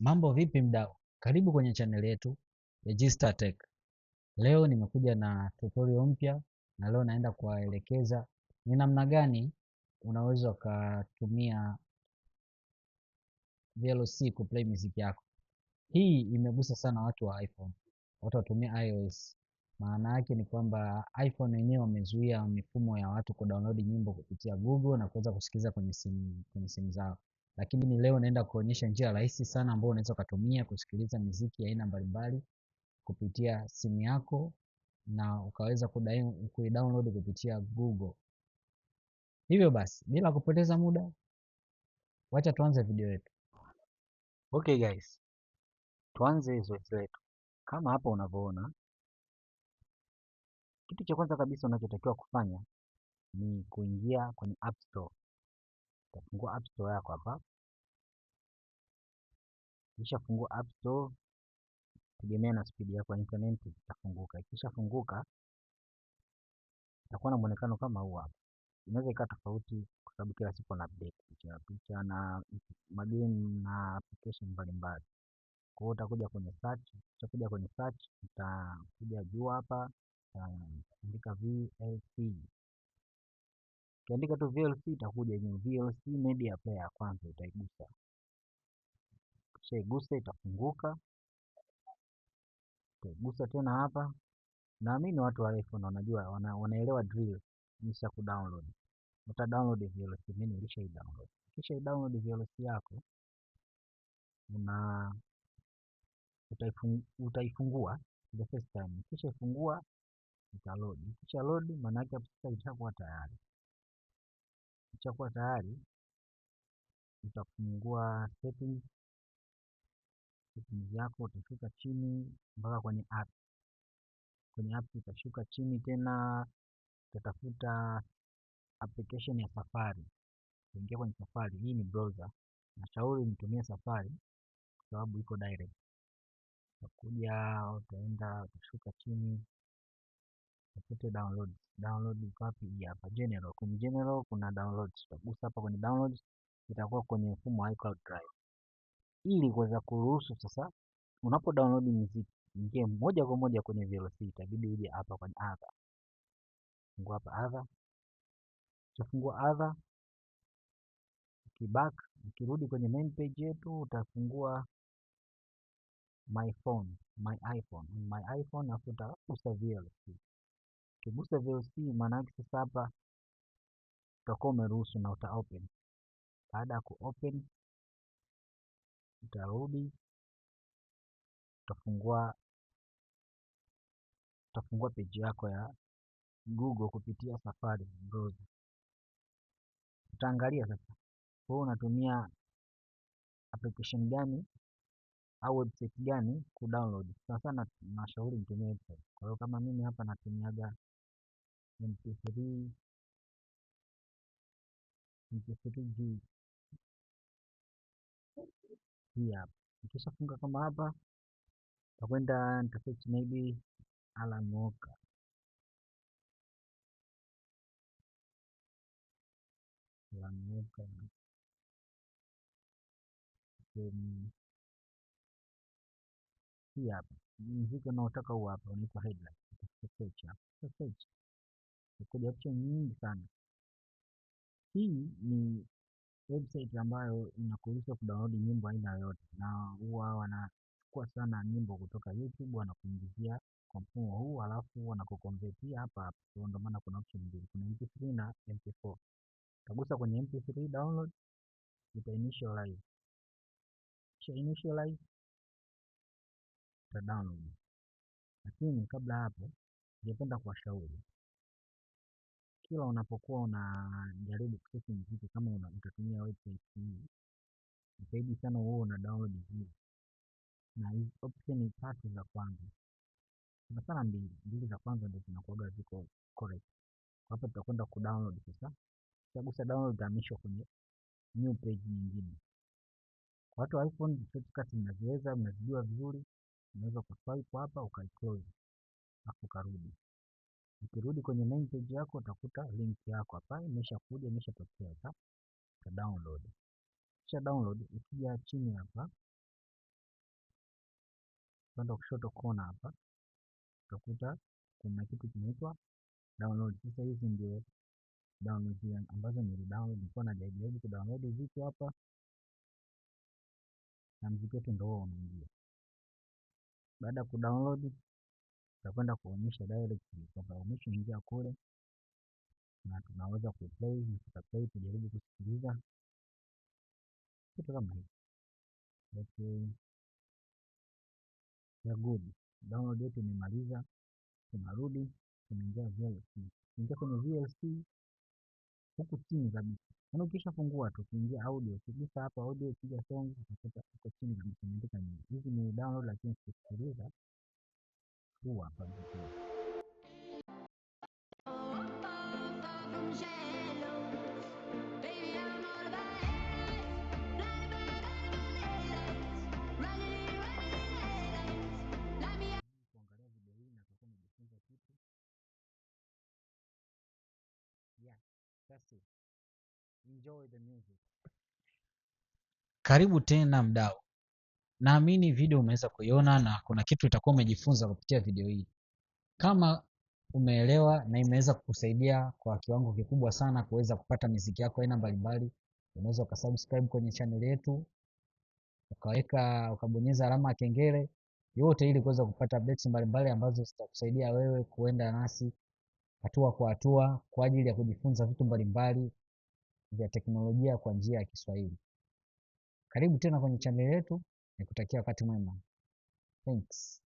Mambo vipi mdau? Karibu kwenye channel yetu Register Tech. Leo nimekuja na tutorial mpya na leo naenda kuwaelekeza ni namna gani unaweza ukatumia VLC kuplay music yako. Hii imegusa sana watu wa iPhone, watu watumia iOS. Maana yake ni kwamba iPhone yenyewe wamezuia mifumo ya watu kudownload nyimbo kupitia Google na kuweza kusikiza kwenye simu, kwenye simu zao lakini leo naenda kuonyesha njia rahisi sana ambayo unaweza ukatumia kusikiliza miziki ya aina mbalimbali kupitia simu yako na ukaweza kuidownload kupitia Google. Hivyo basi, bila kupoteza muda, wacha tuanze video yetu. Okay guys, tuanze zoezi letu. Kama hapo unavyoona, kitu cha kwanza kabisa unachotakiwa kufanya ni kuingia kwenye App Store utafungua app store yako hapa. Kisha fungua app store, tegemea na speed yako ya internet itafunguka. Kisha funguka, itakuwa na muonekano kama huu hapa. Inaweza ikawa tofauti kwa sababu kila siku na update picha picha na magame na application mbalimbali. Kwa hiyo utakuja kwenye search, utakuja kwenye search, utakuja juu hapa, utaandika VLC Ukiandika tu VLC itakuja yenye VLC media player ya kwanza utaigusa. Ukishaigusa itafunguka. Utaigusa tena hapa. Naamini watu warefu na wanajua wana, wanaelewa drill nisha ku download, Uta download VLC, mimi nilisha download. Kisha i download VLC yako una utaifungua the first time, kisha ifungua ita load, kisha load, maana yake hapo sasa itakuwa tayari. Ikishakuwa tayari utafungua settings, settings yako utashuka chini mpaka kwenye app. Kwenye app utashuka chini tena utatafuta application ya Safari. Utaingia kwenye Safari, hii ni browser. Nashauri nitumie Safari kwa sababu iko direct. Utakuja utaenda utashuka chini upate downloads. Download iko wapi? Hii hapa general. Kwenye general kuna downloads. Utagusa hapa kwenye downloads, itakuwa kwenye mfumo wa iCloud Drive. Ili kuweza kuruhusu sasa unapo download muziki ingie moja kwa moja kwenye VLC, itabidi uje hapa kwenye other. Fungua hapa other. Ukifungua other ukiback, ukirudi kwenye main page yetu utafungua my phone, my iPhone, my iPhone afuta utagusa VLC. Ukigusa VLC maanake sasa hapa utakuwa umeruhusu na uta open. Baada ya ku open utarudi, utafungua utafungua peji yako ya Google kupitia Safari browser. Utaangalia sasa wewe unatumia application gani au website gani kudownload. Sana sana nashauri mtumie website. Kwa hiyo kama mimi hapa natumiaga mp3 mp3 juu hii hapa. Nikishafunga kama hapa, nitakwenda nitasearch maybe Alan Walker Alan Walker um, hapa mziki unaotaka huu hapa unaitwa headline inakuja option nyingi sana. Hii ni website ambayo inakuruhusu kudownload nyimbo aina yoyote, na huwa wanachukua sana nyimbo kutoka YouTube wanakuingizia kwa mfumo huu, halafu wanakukonvertia hapa hapa. So ndio maana kuna option mbili, kuna MP3 na MP4. Utagusa kwenye MP3 download, uta initialize, kisha initialize uta download. Lakini kabla hapo, ningependa kuwashauri kila unapokuwa unajaribu kusesi mziki kama una- utatumia website hii, sana huo una download na hizi option tatu za kwanza, na sana mbili, mbili za kwanza ndio zinakuwaga ziko correct. Kwa hapa tutakwenda kudownload sasa, ukishagusa download utahamishwa kwenye new page nyingine. Kwa watu wa iPhone shortcut mnaziweza, mnazijua vizuri, unaweza kuswipe hapa ukaiclose, afu karudi Ukirudi kwenye main page yako utakuta link yako hapa imeshakuja imeshatokea hapa ka download. Kisha download ukija chini hapa upande wa kushoto kona hapa utakuta kuna kitu kinaitwa download. Sasa hizi ndio download ambazo nilidownload, nilikuwa najaribu kudownload vitu hapa na mziki wetu ndio unaingia. Baada ya kudownload tutakwenda kuonyesha direct kwamba umeshaingia kule na tunaweza kuplay na tutaplay tujaribu kusikiliza kitu kama hivi. Okay, ya good download yetu imemaliza, tunarudi tunaingia VLC. Ingia kwenye VLC huku chini kabisa, yaani ukishafungua tu kuingia audio, ukigusa hapa audio, piga song, utapata huko chini kabisa imeandika nyingi. Hizi ni download, lakini sikusikiliza huwa panakuwa Karibu tena mdau. Naamini video umeweza kuiona na kuna kitu utakuwa umejifunza kupitia video hii. Kama umeelewa na imeweza kukusaidia kwa kiwango kikubwa sana kuweza kupata miziki yako aina mbalimbali, unaweza ukasubscribe kwenye channel yetu, ukaweka ukabonyeza alama ya kengele yote, ili kuweza kupata updates mbalimbali ambazo zitakusaidia wewe kuenda nasi hatua kwa hatua kwa ajili ya kujifunza vitu mbalimbali vya teknolojia kwa njia ya Kiswahili. Karibu tena kwenye channel yetu. Nikutakia wakati mwema. Thanks.